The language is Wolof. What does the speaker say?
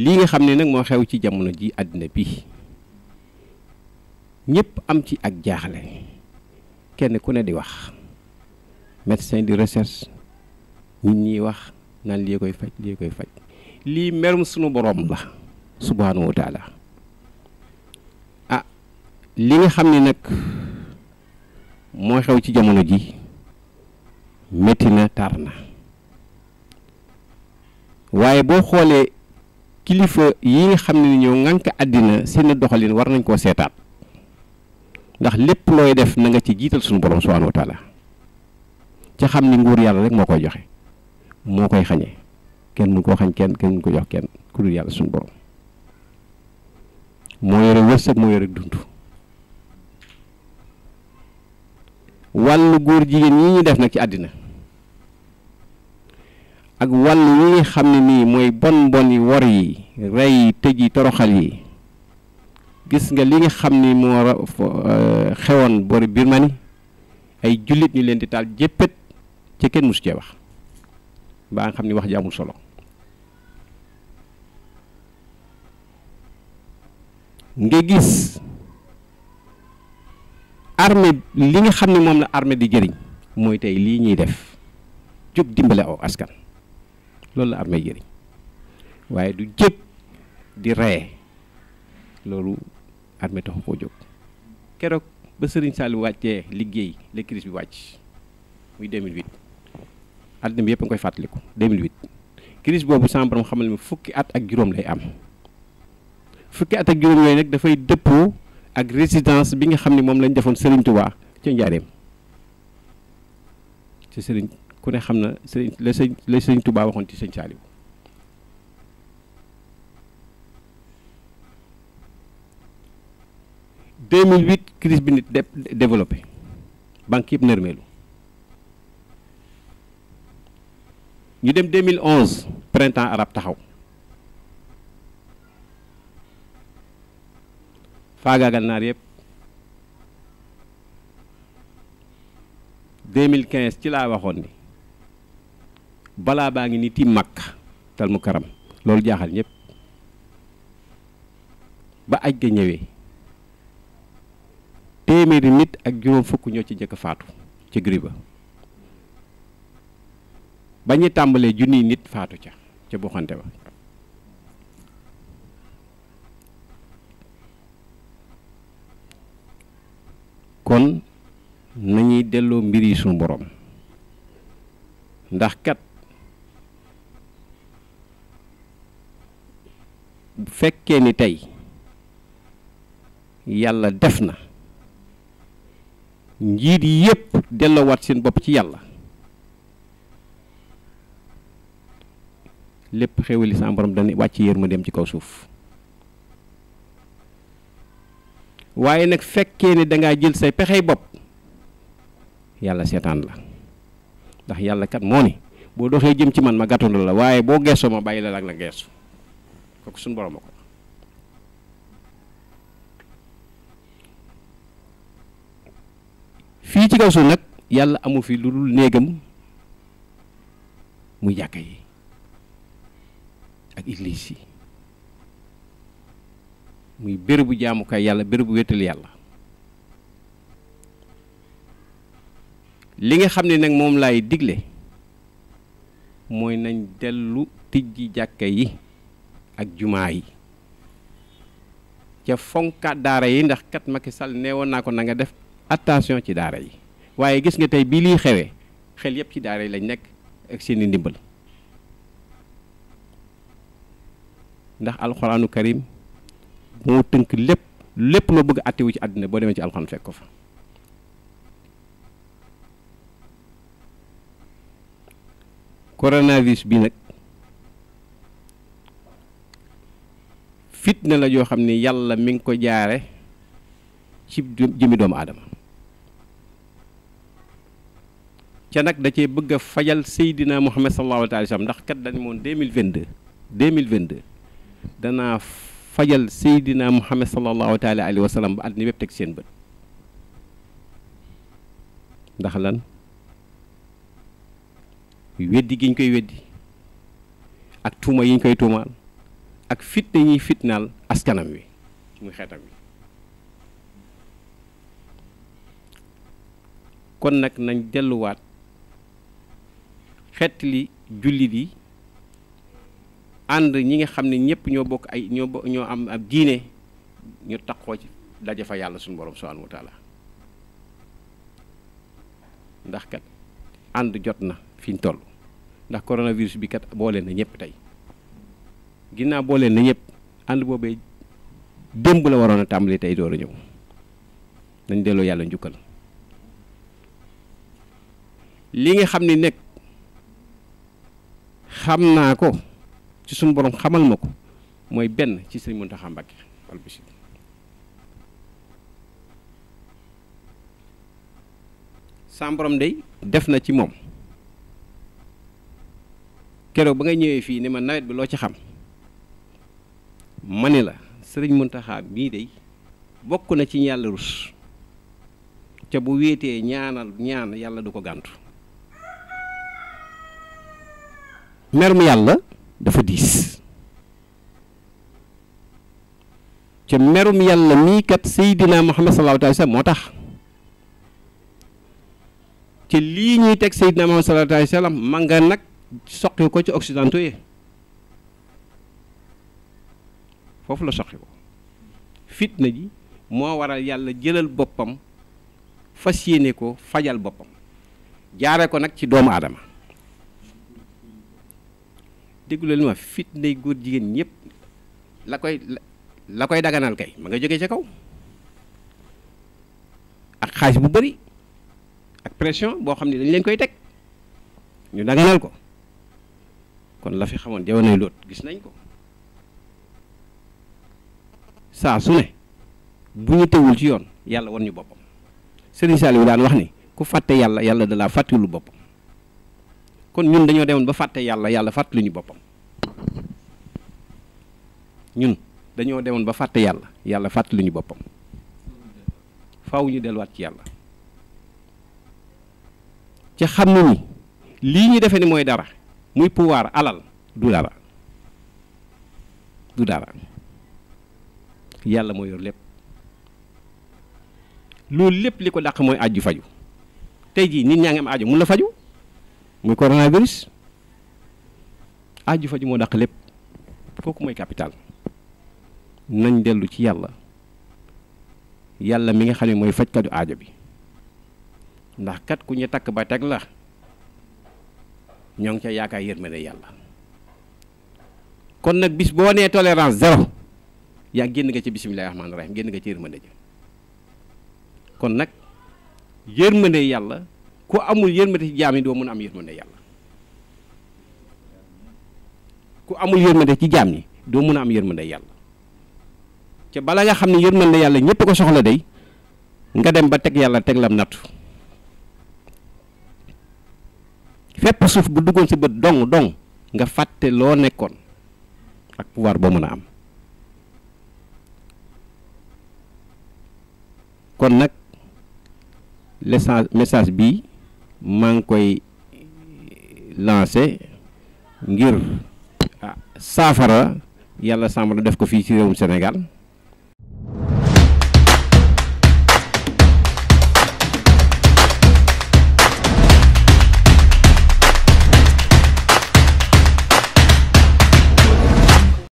lii nga xam ne nag moo xew ci jamono ji àddina bi ñëpp am ci ak jaaxle kenn ku ne di wax médecin di recherche nit ñiy wax naan lii koy faj lii koy faj lii merum sunu borom la subhaanahu a taala ah, li nga xam ne nag moo xew ci jamono ji métti na tar na waaye boo xoolee kilifa yi nga xam ne ñoo ŋànk àddina seeni doxalin war nañ koo seetaat ndax lépp looy def na nga ci jiital suñu borom subhanahu wa taala ca xam ni nguur yàlla rek moo koy joxe moo koy xañee kenn mu koo xañ kenn kenn mu ko jox kenn ku dul yàlla suñu borom moo yore wërsëg moo yore dund wàllu góor jigéen ñi ñuy def nag ci àddina ak wàll yi nga xam ne nii mooy bon bon yi wor yi rey yi tëj yi toroxal yi gis nga li nga xam ni moo euh, xewoon boori Birmanie ay jullit ñu leen di taal jéppét ci kenn mosu cee wax baa nga xam ni wax ji amul solo nga gis armée li nga xam ne moom la armée di jëriñ mooy tey lii ñuy def jóg dimbale aw askan loolu la armée jëriñ waaye du jëpp di reye loolu armée taxu koo jóg keroog ba Serigne Saliou wàccee liggéey la crise bi wàcc muy 2008 àddina bi yëpp a ngi koy fàttaliku 2008 crise boobu sàmbaram xamal ne fukki at ak juróom lay am fukki at ak juróom yooyu nag dafay dëppoo ak résidence bi nga xam ne moom lañ defoon Serigne Touba ca Njaareem ci sëriñ ku ne xam na sëriñ la sëñ la sëñ Touba waxoon ci sëñ Saliou deux mille huit crise bi nit développé banque yëpp nërmeelu ñu dem deux mille onze printemps arabe taxaw faagaagal naar yëpp 2015 ci laa waxoon ni balaa baa ngi ni tiim mag tal karam loolu jaaxal ñépp ba aj ga ñëwee téeméeri nit ak juróom fukk ñoo ci jëkk faatu ci gri ba ba ñu tàmbalee junniy nit faatu ca ca buxante ba kon nañuy delloo mbir yi suñu borom ndax kat fekke ni tey yàlla def na njiit yi yépp delloowaat seen bopp ci yàlla lépp xéwali sa borom dana wàcc dem ci kaw suuf waaye nag fekkee ni dangaa jël say pexey bopp yàlla seetaan la ndax yàlla kat moo ni boo doxee jëm ci man ma gàttandu la waaye boo geesoo ma bàyyi la ak la geesu kooku suñu ko fii ci kaw suuf nag yàlla amu fi lu dul néegam muy jàkka yi ak église yi muy bérébu jaamukaay yàlla bérébu wéetal yàlla li nga xam ne nag moom laay digle mooy nañ dellu tijji jàkka yi ak jumaa yi ca fonkaat daara yi ndax kat Macky Sall nee woon naa ko na def attention ci daara yi waaye gis nga tey bii liy xewee xel yépp ci daara yi lañ nekk ak seeni ndimbal ndax alxuraanu karim moo tënk lépp lépp loo bëgg attewu ci àddina boo demee ci alxuraan fekk ko fa coronavirus bi nag fitna la joo xam ne yàlla mi ngi ko jaare ci jëmi doomu aadama ca nag da cee bëgg a fajal Seydina Muhammad sallallahu alayhi wa sallam ndax kat dañ moon deux mille vingt deux deux mille vingt deux danaa fajal seydinaa Muhammad sallallahu taala alayhi wa sallam ba àddina bépp teg seen bët ndax lan weddi gi ñu koy weddi ak tuuma yi ñu koy tuumaal ak fitna ñuy fitnaal askanam wi muy xeetam wi kon nag nañ delluwaat xeetli jullit yi ànd ñi nga xam ne ñëpp ñoo bokk ay ñoo am ab giine ñu taxoo ci daje fa yàlla suñu borom subhanahu wa ndax kat ànd jot na fi ñu toll ndax coronavirus bi kat boole na ñëpp tey ginnaaw boo na ne ñëpp ànd boobee démb la waroon a tàmbali tey door a ñëw nañ delloo yàlla njukkal li nga xam ni nekk xam naa ko ci suñu borom xamal ma ko mooy benn ci sëñ Muntaxa Mbàkke al Bachir sam def na ci moom keroog ba nga ñëwee fii ni ma nawet bi loo ci xam ma ne la sëriñ Muntaxa bii de bokk na ci yàlla rus ca bu wéetee ñaanal ñaan yàlla du ko gàntu mer yàlla dafa diis ca merum yàlla mii kat seydina muhammad sallallahu alayhi wa sallam moo tax ca lii ñuy teg seydina muhammad sallallahu alayhi wa sallam ma nga nag soqi ko ci occidentaux yi foofu la soxi ko fitna ji moo waral yàlla jëlal boppam fas yéene ko fajal boppam jaare ko nag ci doomu aadama déglu li ma fitnay góor jigéen ñëpp la koy la koy daganal kay ma nga jóge ca kaw ak xaalis bu bari ak pression boo xam ne dañ leen koy teg ñu daganal ko kon la fi xamoon jamonoy loot gis nañ ko saa su ne bu ñu tewul ci yoon yàlla wan ñu boppam Serigne Saliou daan wax ni ku fàtte yàlla yàlla da laa fàttaliwul boppam kon ñun dañoo demoon ba fàtte yàlla yàlla fàttali ñu boppam ñun dañoo demoon ba fàtte yàlla yàlla fàttali ñu boppam faaw ñu delluwaat ci yàlla ci xam ni lii ñu defee ni mooy dara muy pouvoir alal du dara du dara yàlla moo yor lépp loolu lépp li ko dàq mooy aaju faju tey jii nit ñaa ngi am aaju mun la faju muy coronavirus aaju faju moo dàq lépp kooku mooy capital nañ dellu ci yàlla yàlla mi nga xam ne mooy fajkatu ajo bi ndax kat ku ñu takk ba teg la ñoo ngi ca yaakaar yërmande yàlla kon nag bis boo nee tolérance zéro yaa génn nga ci bisimilahi rahmaani rahim génn nga ci yërmande ji kon nag yërmande yàlla ku amul yërmande ci jaam yi doo mën a am yërmande yàlla ku amul yërmande ci yi doo mun a am yërmande yàlla ca bala nga xam ne yërmande yàlla ñëpp ko soxla day nga dem ba teg yàlla teg lam nattu fépp suuf bu duggoon si bët dong dong nga fàtte loo nekkoon ak pouvoir boo mën a am kon nag l'essence message bi maa ngi koy euh, lancé ngir ah, saafara yàlla la def ko fii ci réewum Sénégal